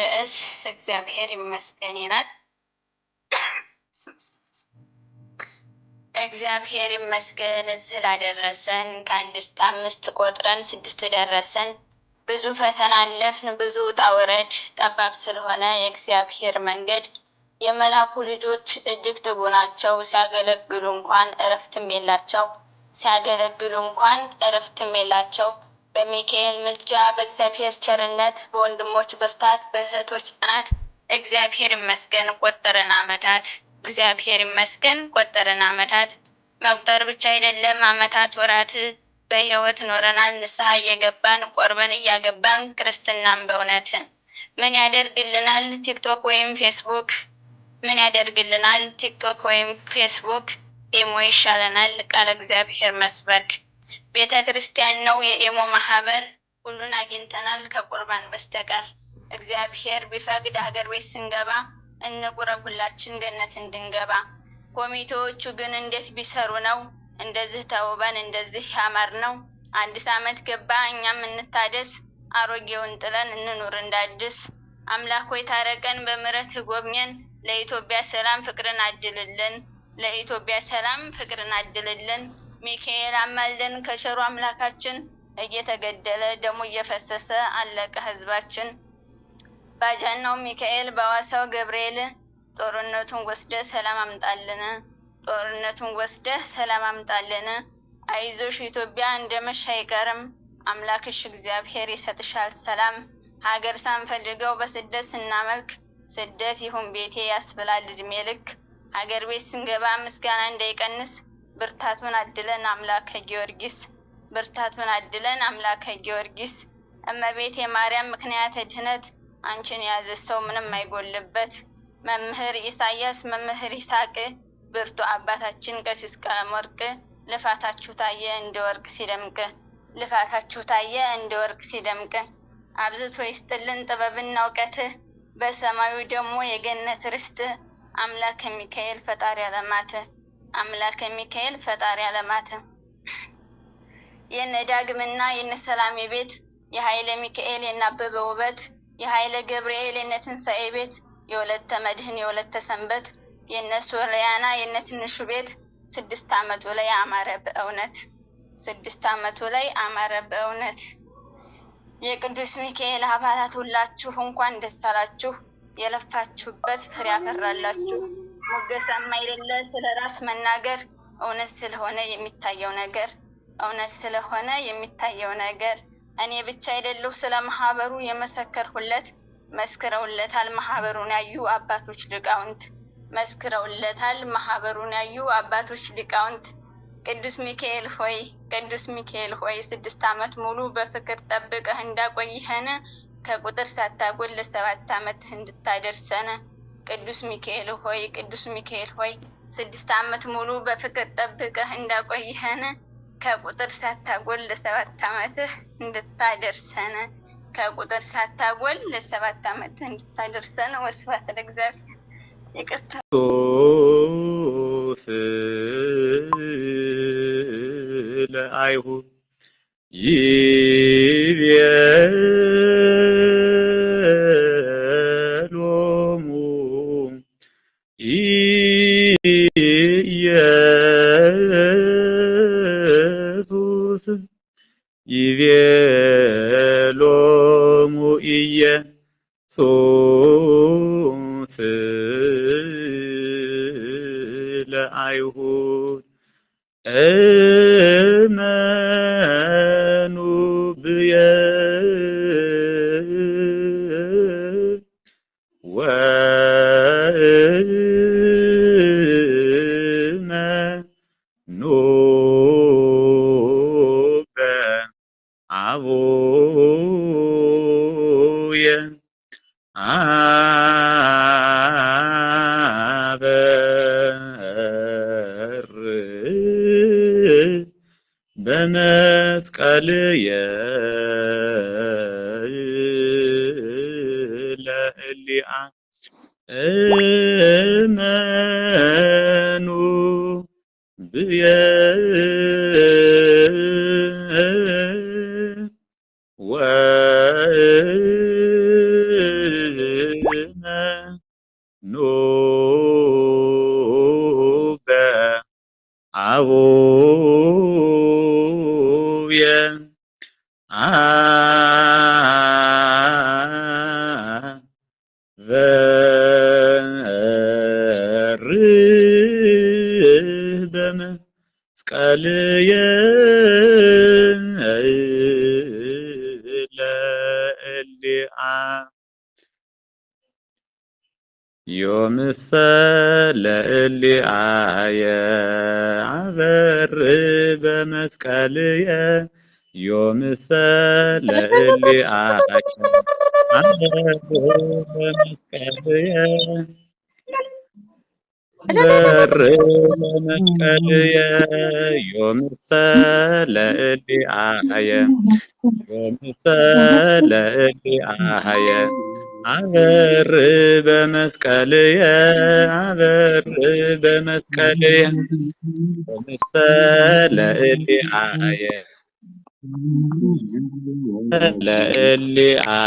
ርዕስ እግዚአብሔር ይመስገን ይላል። እግዚአብሔር ይመስገን ስላደረሰን ከአንድ እስከ አምስት ቆጥረን ስድስት ደረሰን። ብዙ ፈተና አለፍን፣ ብዙ ውጣ ውረድ። ጠባብ ስለሆነ የእግዚአብሔር መንገድ የመላኩ ልጆች እጅግ ትጉ ናቸው። ሲያገለግሉ እንኳን እረፍትም የላቸው ሲያገለግሉ እንኳን እረፍትም የላቸው። በሚካኤል ምልጃ በእግዚአብሔር ቸርነት በወንድሞች ብርታት በእህቶች ጥናት እግዚአብሔር ይመስገን ቆጠረን ዓመታት እግዚአብሔር ይመስገን ቆጠረን ዓመታት። መቁጠር ብቻ አይደለም ዓመታት ወራት በህይወት ኖረናል ንስሐ እየገባን ቆርበን እያገባን ክርስትናን በእውነት ምን ያደርግልናል ቲክቶክ ወይም ፌስቡክ ምን ያደርግልናል ቲክቶክ ወይም ፌስቡክ? ዴሞ ይሻለናል ቃለ እግዚአብሔር መስበክ ቤተ ክርስቲያን ነው የኤሞ ማህበር። ሁሉን አግኝተናል ከቁርባን በስተቀር። እግዚአብሔር ቢፈቅድ ሀገር ቤት ስንገባ እንቁረብ ሁላችን ገነት እንድንገባ። ኮሚቴዎቹ ግን እንዴት ቢሰሩ ነው እንደዚህ ተውበን እንደዚህ ያማር ነው? አዲስ ዓመት ገባ እኛም እንታደስ፣ አሮጌውን ጥለን እንኑር እንዳድስ! አምላክ ሆይ ታረቀን፣ በምረት ጎብኘን፣ ለኢትዮጵያ ሰላም ፍቅርን አድልልን፣ ለኢትዮጵያ ሰላም ፍቅርን አድልልን። ሚካኤል አማልደን ከቸሩ አምላካችን እየተገደለ ደሙ እየፈሰሰ አለቀ ህዝባችን። ባጃናው ሚካኤል በዋሳው ገብርኤል ጦርነቱን ወስደ ሰላም አምጣልን፣ ጦርነቱን ወስደ ሰላም አምጣልን። አይዞሽ ኢትዮጵያ እንደመሽ አይቀርም፣ አምላክሽ እግዚአብሔር ይሰጥሻል ሰላም። ሀገር ሳንፈልገው በስደት ስናመልክ ስደት ይሁን ቤቴ ያስብላል እድሜ ልክ። ሀገር ቤት ስንገባ ምስጋና እንዳይቀንስ ብርታቱን አድለን አምላከ ጊዮርጊስ ብርታቱን አድለን አምላከ ጊዮርጊስ እመቤት የማርያም ምክንያተ ድህነት አንቺን የያዘ ሰው ምንም አይጎልበት። መምህር ኢሳያስ መምህር ይሳቅ ብርቱ አባታችን ቀሲስ ቀለመወርቅ ልፋታችሁ ታየ እንደ ወርቅ ሲደምቅ ልፋታችሁ ታየ እንደ ወርቅ ሲደምቅ አብዝቶ ይስጥልን ጥበብና እውቀት በሰማዩ ደግሞ የገነት ርስት አምላከ ሚካኤል ፈጣሪ አለማት አምላከ ሚካኤል ፈጣሪ አለማትም የነ ዳግምና የነ ሰላሜ ቤት የኃይለ ሚካኤል የናበበ ውበት የኃይለ ገብርኤል የነ ትንሣኤ ቤት የወለተ መድህን የወለተ ሰንበት የነ ሶርያና የነ ትንሹ ቤት ስድስት ዓመቱ ላይ አማረ በእውነት ስድስት ዓመቱ ላይ አማረ በእውነት። የቅዱስ ሚካኤል አባላት ሁላችሁ እንኳን ደስ አላችሁ። የለፋችሁበት ፍሬ ያፈራላችሁ። ሞገሳም አይደለ ስለ ራስ መናገር እውነት ስለሆነ የሚታየው ነገር እውነት ስለሆነ የሚታየው ነገር እኔ ብቻ አይደለሁ ስለ ማህበሩ የመሰከርሁለት። መስክረውለታል ማህበሩን ያዩ አባቶች ሊቃውንት መስክረውለታል ማህበሩን ያዩ አባቶች ሊቃውንት። ቅዱስ ሚካኤል ሆይ ቅዱስ ሚካኤል ሆይ ስድስት ዓመት ሙሉ በፍቅር ጠብቀህ እንዳቆይኸን ከቁጥር ሳታጎል ለሰባት ዓመትህ እንድታደርሰን ቅዱስ ሚካኤል ሆይ ቅዱስ ሚካኤል ሆይ ስድስት ዓመት ሙሉ በፍቅር ጠብቀህ እንዳቆየህን ከቁጥር ሳታጎል ለሰባት ዓመትህ እንድታደርሰን ከቁጥር ሳታጎል ለሰባት ዓመት እንድታደርሰን። ወስብሐት ለእግዚአብሔር። ይቅርታ ለአይሁድ ይቤ ቅዱስ ይቤሎሙ ኢየሱስ ለአይሁድ እመኑ ብየ ወ አበር በመስቀልየ ለእሊአ እመኑ ብየ አቡየ አበርህ በመስቀልየ ለእሊአ ዮምሰ ለእሊአየ አበር በመስቀልየ ዮምሰ ለእሊአየ አበር በመስቀልየ በር በመስቀልየ ዮምሰ ለእሊአየ ዮምሰ ለእሊአየ አበር በመስቀልየ አበር በመስቀልየ በመስቀለ ለእሊአየ